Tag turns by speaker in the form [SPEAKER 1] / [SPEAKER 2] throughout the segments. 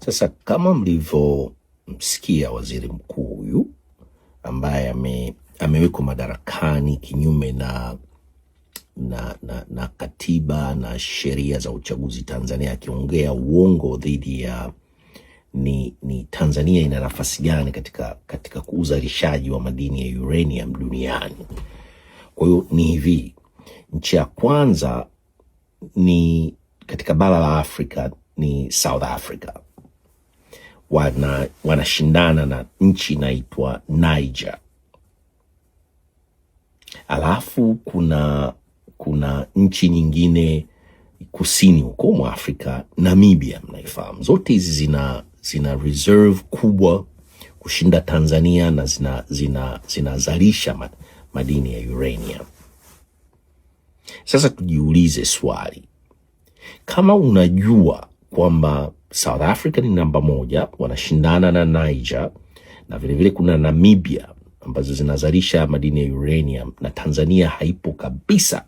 [SPEAKER 1] Sasa kama mlivyomsikia waziri mkuu huyu ambaye ame, amewekwa madarakani kinyume na, na, na, na katiba na sheria za uchaguzi Tanzania, akiongea uongo dhidi ya ni, ni Tanzania ina nafasi gani katika, katika uzalishaji wa madini ya uranium duniani. Kwa hiyo ni hivi, nchi ya kwanza ni katika bara la Afrika ni South Africa wana, wanashindana na nchi inaitwa Niger. Alafu kuna kuna nchi nyingine kusini huko mwa Afrika, Namibia mnaifahamu. Zote hizi zina zina reserve kubwa kushinda Tanzania na zinazalisha zina, zina madini ya uranium. Sasa tujiulize swali, kama unajua kwamba South Africa ni namba moja, wanashindana na Niger na vilevile vile kuna Namibia ambazo zinazalisha madini ya uranium na Tanzania haipo kabisa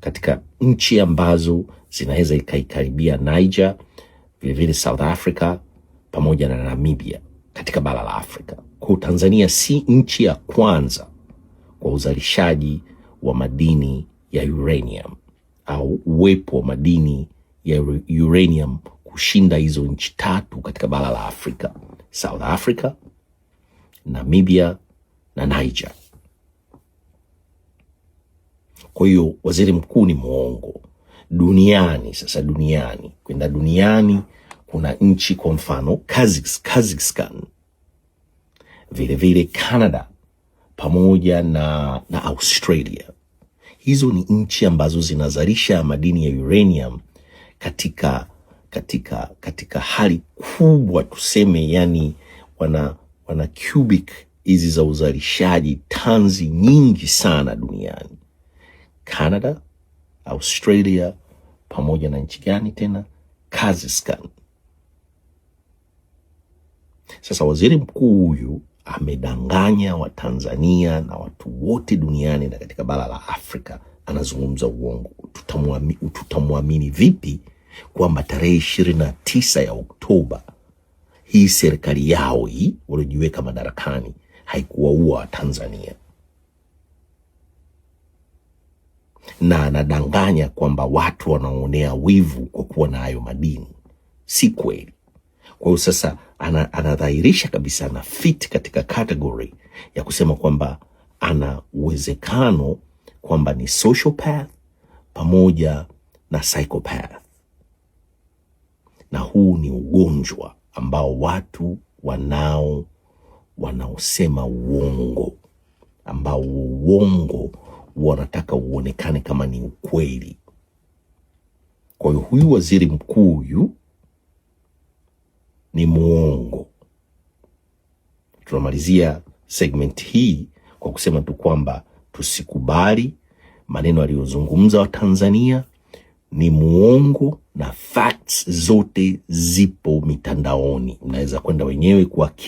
[SPEAKER 1] katika nchi ambazo zinaweza ikaikaribia Niger, vilevile South Africa pamoja na Namibia katika bara la Afrika. Kwa Tanzania si nchi ya kwanza kwa uzalishaji wa madini ya uranium au uwepo wa madini ya uranium kushinda hizo nchi tatu katika bara la Afrika, South Africa, Namibia na Niger. Kwa hiyo waziri mkuu ni mwongo duniani. Sasa duniani kwenda duniani, kuna nchi kwa mfano Kazakhstan, vilevile Canada pamoja na, na Australia. Hizo ni nchi ambazo zinazalisha madini ya uranium katika katika, katika hali kubwa tuseme, yani wana, wana cubic hizi za uzalishaji tanzi nyingi sana duniani, Canada, Australia pamoja na nchi gani tena, Kazakhstan. Sasa waziri mkuu huyu amedanganya Watanzania na watu wote duniani na katika bara la Afrika, anazungumza uongo. Tutamwamini vipi? kwamba tarehe ishirini na tisa ya Oktoba hii serikali yao hii waliojiweka madarakani haikuwaua Watanzania, na anadanganya kwamba watu wanaonea wivu kwa kuwa na hayo madini. Si kweli. Kwa hiyo sasa anadhahirisha kabisa, ana fit katika category ya kusema kwamba ana uwezekano kwamba ni sociopath pamoja na psychopath na huu ni ugonjwa ambao watu wanao wanaosema uongo, ambao uongo wanataka uonekane kama ni ukweli. Kwa hiyo huyu waziri mkuu huyu ni muongo. Tunamalizia segment hii kwa kusema tu kwamba tusikubali maneno aliyozungumza Watanzania ni muongo na facts zote zipo mitandaoni, mnaweza kwenda wenyewe kuhakiki.